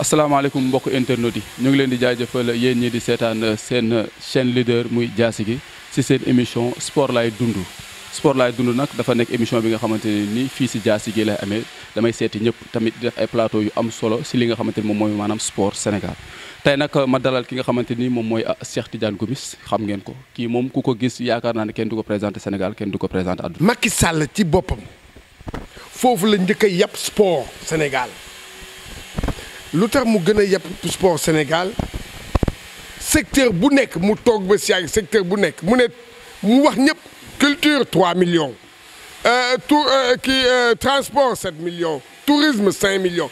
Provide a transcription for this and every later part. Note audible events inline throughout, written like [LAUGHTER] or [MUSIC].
asalaamaaleykum mbokk internet yi ñu ngi leen di jaajëfal yéen ñi di seetaan seen chaîne leader muy jaasi gi si seen émission sport laay dund sport laay dund nag dafa nekk émission bi nga xamante ne nii fii si jaasi gi lay amee damay seeti ñëpp tamit di def ay plateau yu am solo si li nga xamante ni moom mooy maanaam sport Sénégal tey nag ma dalal ki nga xamante ni moom mooy Cheikh Tidiane Gomis xam ngeen ko kii moom ku ko gis yaakaar naa ne kenn du ko présenté Sénégal kenn du ko présenté àdduna Macky Sall ci boppam foofu la njëkk a yàpp Sénégal L'autre qui mu a sport sport Sénégal secteur bu le mu secteur bu mu culture 3 millions qui, euh, euh, euh, transport 7 millions tourisme 5 millions.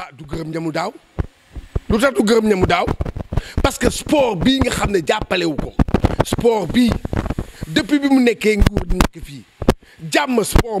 ah du le ñamu du parce que sport bii nga ko sport depuis que mu suis nguur nekk fii jàmm sport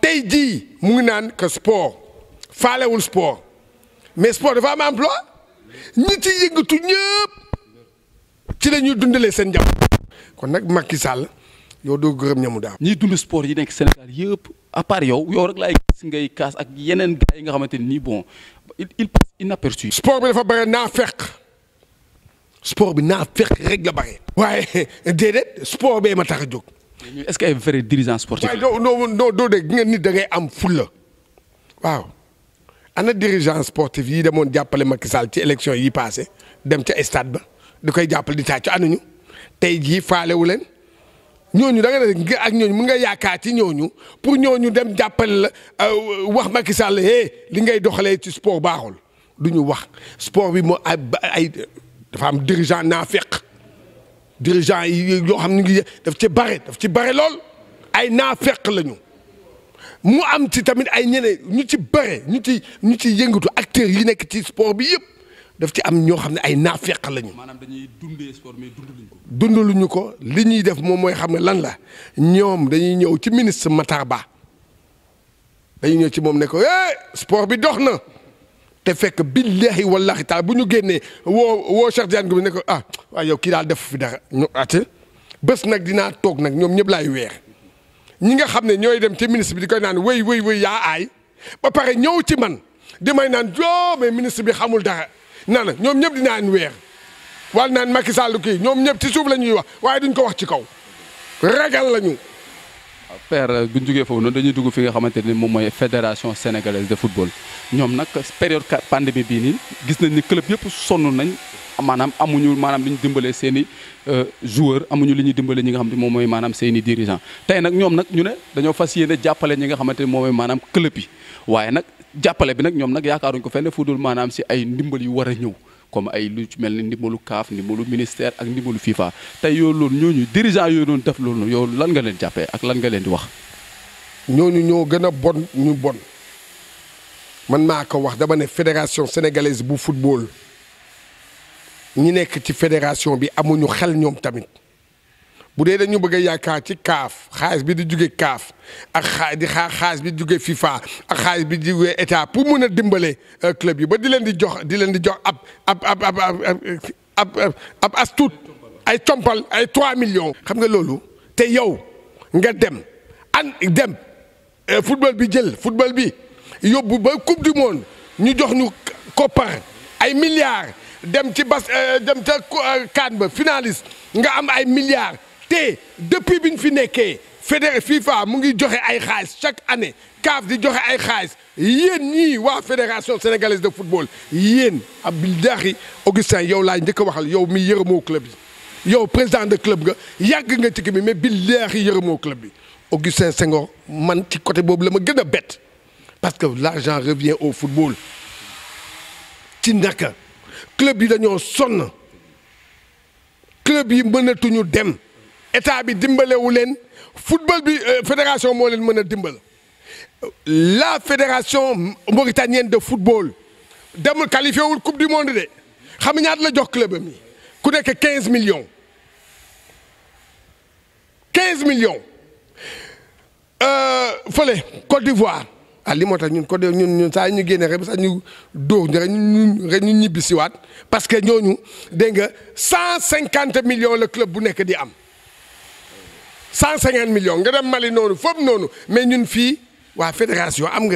tey jii mu ngi naan que sport faalewul sport mais sport dafa am emploi ñi ci yëngatu ñëpp ci la ñuy dundalee seen jàmm kon nag Macky Sall yow doo gërëm ñamu daaw. ñiy dund sport yi nekk Sénégal yëpp à part yow yow rek laay gis ngay kaas ak yeneen gars yi nga xamante ni bon il passe inaperçu. sport bi dafa bëri naa fekk sport bi naa fekk rek la bëri. waaye déedéet sport bee ma tax a jóg. est-ce que vous vrai dirigeant sportif. non, non non doo dégg nit da ngay am waaw ana dirigeant sportif yi demone jappalé Macky Sall ci élection yi passé dem ci stade ba dikoy jappal di anuñu ñoñu da nga ak ñoñu nga ci pour ñoñu dem jappal euh, wax Macky Sall Hé, li ngay doxalé ci sport baaxul du wax sport bi mo ay dafa am dirigeant dirigeant yi yoo xam ne ngi daf ci bare daf ci bare lool ay naafeq lañu mu am ci tamit ay ñeneen ñu ci bare ñu ci ñu ci yëngatu acteurs yi nekk ci sport bi yëpp daf ci am ñoo xam ne ay naafeq lañu. maanaam dañuy dundee sport mais dundaluñu ko. dundaluñu ko li ñuy def moom mooy xam ne lan la ñoom dañuy ñëw ci ministre Matar Ba dañuy ñëw ci moom ne ko eh sport bi dox na. te fekk billahi wallahi taala bu ñu génnee woo woo Cheikh Diagne Gomis ne ko ah waaw kii daal def fi dara ñu àtte bës nag dinaa toog nag ñoom ñëpp laay weer ñi nga xam ne ñooy dem ci ministre bi di koy naan wéy wéy wéy yaa ay ba pare ñëw ci man di may naan joo mais ministre bi xamul dara naa na ñoom ñëpp dinaan weer wal naan Macky Sall kii ñoom ñëpp ci suuf la ñuy wax waaye duñ ko wax ci kaw ragal lañu père bu ñu jugee foofu noonu dañuy dugg fi nga xamante ni moom mooy fédération sénégalaise de football ñoom nag période pandémie bii nii gis nañ ni club yëpp sonn nañ maanaam amuñu maanaam li ñu dimbalee seen i euh, joueur amuñu li ñu dimbale ñi nga xam ne moom mooy maanaam seen i dirigeant tey nag ñoom nag ñu ne dañoo fas yéene jàppale ñi nga xamante ni moom mooy maanaam club yi waaye nag jàppale bi nag ñoom nag yaakaaruñ ko fenn fu maanaam si ay ndimbal yu war a ñëw comme ay lu ci mel ni ndimbalu CAF ndimbalu ministère ak ndimbalu FIFA tey yow loolu ñu dirigeant yooyu doon def loolu yow lan nga leen jàppee ak lan nga leen di wax. ñooñu ñoo gën a bon ñu bon man maa ko wax dama ne fédération sénégalaise bu football ñi nekk ci fédération bi amuñu xel ñoom tamit. Si vous dañu bëgg yaaka ci CAF, bi di ak bi FIFA ak bi di état pour mëna dimbalé euh, club yi ba di leen di jox di leen di jox ab ab ab ab ab ab as ay ay 3 millions. xam nga lolu té yow nga dem dem euh, football bi jël football bi ba coupe du monde ñu jox ñu ay milliards dem ci bas euh, dem ca CAN ba finaliste nga am milliards depuis une finée que nekkee FIFA mu ngi à ay chaque année CAF di à ay y yéen ni wa fédération sénégalaise de football yéen Abdoulaye Augustin yow laay njëkk a waxal yow mi yërëmoo club yi yow président de club nga yàgg nga ci kii bi mais billahi yërëmoo club Augustin Senghor man ci côté boobu la ma gën a parce que l'argent revient au football ci naka club yi dañoo sonn club yi mënatuñu dem état bi dimbalewu football euh, fédération la fédération mauritanienne de football a qualifié la coupe du monde de a club am 15 millions 15 millions Il euh, Côte d'Ivoire ah, Côte ñun nous parce que nous avons 150 millions le club bu 150 millions, nous sommes non, nous mais nous fille. la fédération am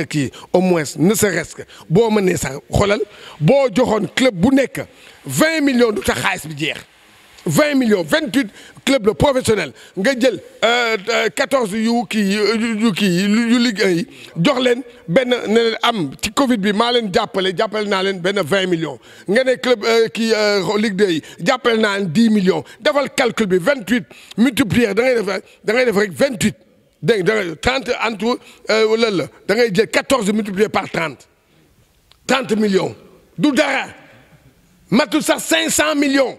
au moins ne serait ce bo ça, si xolal bo un club de 20 millions du ta 20 millions 28 clubs professionnels. 14 euh, euh, yu qui yu ki, yu Ligue 1. jox Ben am Covid bi 20 millions nga ne club 2 euh, 10 millions calcul 28 multiplié. da ngay 28 30 entre tout. 14 multiplier par 30 30 millions du dara 500 millions.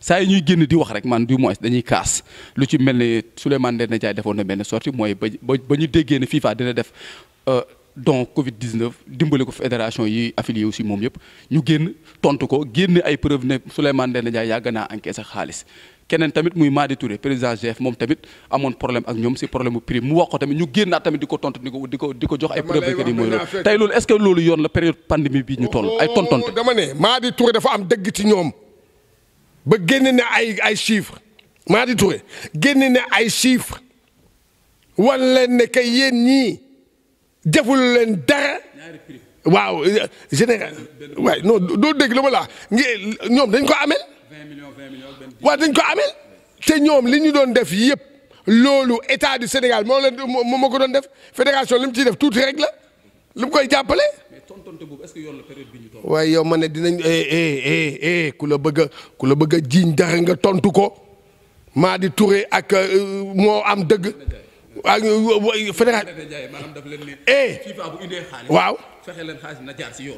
Ça ñuy nous di wax rek man du moins dañuy kaas lu ci FIFA dina def euh, Covid 19 dimbale ko fédération yi affilié aussi moom affiliée. ñu génn tontu ko génn ay preuve ne Souleymane Ndiaye en naa encaissé xaalis. kenen tamit muy Madi Touré président GF mom tamit amone problème ak ñom problème mu prix mu tamit ñu tamit tontu preuve est-ce que loolu la période pandémie bi ñu toll ay tontonte dama Touré dafa am ba génn ne ay ay chiffres Mady Touré génn ne ay chiffres wan leen ne que yéen ñii deful leen dara waaw général waay non doo dégg lu ma la ñoom dañ ko amel waaw dañ ko amel te ñoom li ñu doon def yëpp loolu état du Sénégal moo leen moo ko doon def fédération li mu ciy def tuuti rek la. lu il koy appelé mais est-ce que a la période bi ñu yow ma que eh eh eh eh, que ku la bëgg a dara nga tontu ko Ma di Touré ak euh, moi am dëgg. waa euh, Eh. waaw na jaar ci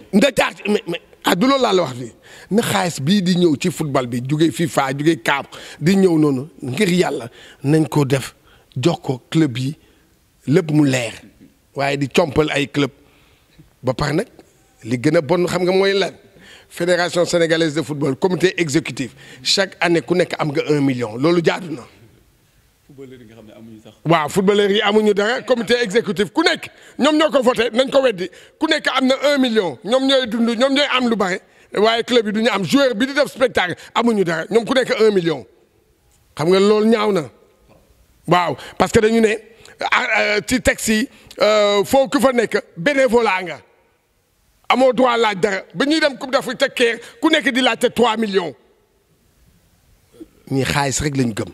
ah, la wax fii na xaalis di ñëw ci football bi FIFA CAF di ñëw ngir nañ ko def jox ko club yi mu di ay club ba pare nag li gëna a bon xam nga moy lan fédération sénégalaise de football comité exécutif chaque année ku nek am nga 1 million loolu jaaduna footballeur yi nga xam amuñu sax. waaw footballeur yi amuñu dara [LAUGHS] comité exécutif ku nek ñom ñoko voté nañ ko wéddi ku nek amna 1 million ñom ñoy dund ñom ñoy am lu bare waye club yi duñu am joueur bi di def spectacle amuñu dara ñom ku nek 1 million xam nga loolu ñaawna waaw parce que dañu né ah, euh, ci taxi euh foo ku fa nek bénévolat nga amo droit laaj dara ba ñuy dem Coupe d'Afrique te keer ku nekk di laajte 3 millions ñii xaalis rek lañ gëm.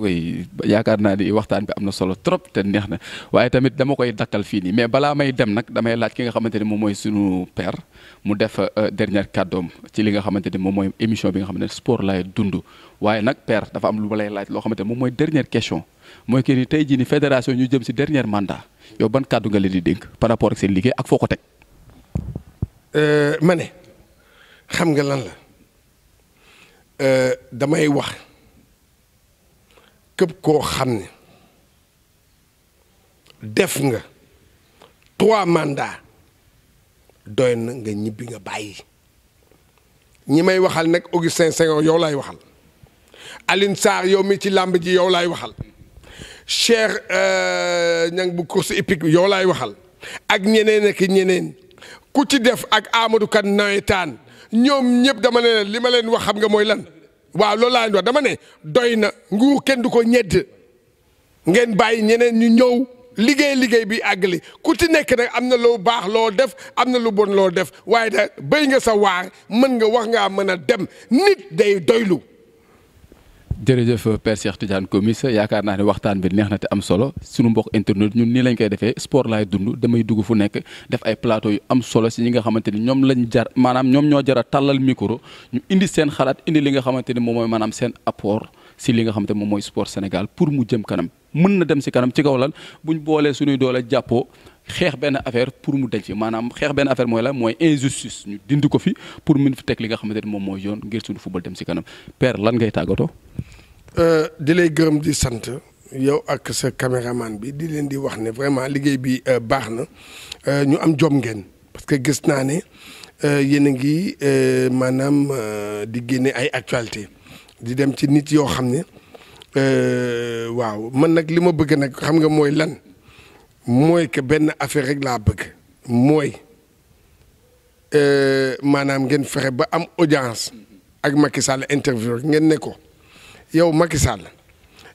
oui yaakaar naa ni waxtaan bi am na solo trop te neex na waaye tamit dama koy dakkal fii nii mais balaa may dem nag damay laaj ki nga xamante ni moom mooy sunu père mu def euh, dernière kàddoom ci li nga xamante ni moom mooy émission bi nga xamante ne sport laay dund waaye nag père dafa am lu lay laaj loo xamante ni moom mooy dernière question mooy que ni tey jii ni fédération ñu jëm si dernière mandat yow ban kàddu nga leen di dénk par rapport ak seen liggéey ak foo ko teg. Euh, mane xam nga lan la euh, damay wax képp koo xam ne def nga trois mandats doy na nga ñibbi nga bàyyi ñi may waxal nag Augustin Senghor yow laay waxal alin Sarr yow mi ci làmb ji yow laay waxal cher euh, ñang bu course hippique yow laay waxal ak ñeneen ak ñeneen ku ci def ak Amadou Kane nawetaan ñoom ñëpp dama ne li ma leen wax xam nga mooy lan waaw loolu laa leen wax dama ne doy na nguur kenn du ko ñedd ngeen bàyyi ñeneen ñu ñëw liggéey liggéey bi àggali ku ci nekk nag am na lu baax loo def am na lu bon loo def waaye da béy nga sa waar mën nga wax ngaa mën a dem nit day doylu jërëjëf per Père Cheikh Tidiane Gomis yaakaar naa ne waxtaan bi neex na te am solo suñu mbokk internet ñun nii lañ koy defee sport laay dund damay dugg fu nekk def ay plateau yu am solo si ñi nga xamante ni ñoom lañ jar maanaam ñoom ñoo jara a tàllal micro ñu indi seen xalaat indi li nga xamante ni moom mooy maanaam seen apport si li nga xamante moom mooy sport Sénégal pour mu jëm kanam mën na dem si kanam ci kaw lan buñ boolee suñuy doole jàppoo xeex benn affaire pour mu denc maanaam xeex benn affaire mooy la mooy injustice ñu dindi ko fi pour mun teg li nga xamante ni moom mooy yoon ngir suñu football dem si kanam Père lan ngay Euh, di lay gërëm di sant yow ak sa caméraman bi di leen di wax ne vraiment liggéey bi euh, baax na euh, ñu am jom ngeen parce que gis naa ne yéen a ngi maanaam di génne ay actualité di dem ci nit yoo xam ne waaw man nag li ma bëgg nag xam nga mooy lan mooy que benn affaire rek laa bëgg mooy maanaam ngeen fexe ba am audience ak Macky Sall interview ngeen ne ko. yow Macky Sall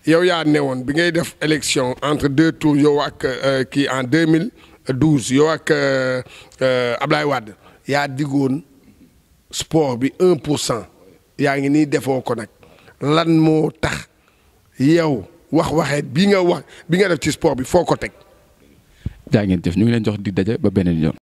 yow yaa ne bi ngay def élection entre deux tours yow ak qui euh, en 2012 yow ak euh, euh Ablaye Wade ya digone sport bi 1% ya ngi ni defo ko nag lan mo tax yow wax waxe bi nga wax bi nga def ci sport bi foo ko teg. jaa ngeen jëf ñu ngi len jox di daje ba benen yoon.